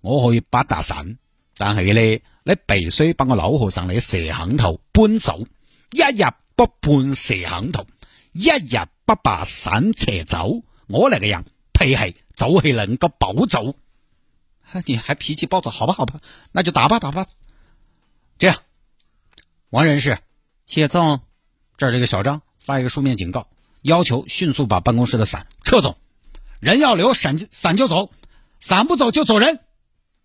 我可以不打傘，但係咧，你必須幫我老和上嚟嘅攝像頭搬走。一日不搬攝像頭，一日不把傘扯走。我呢個樣脾氣就係能夠暴走。哎，你還脾氣暴躁，好吧，好吧，那就打吧，打吧。這樣，王人士，謝總，這兒這個小張發一個書面警告，要求迅速把辦公室的傘撤走。人要留傘，傘傘就走；傘不走就走人。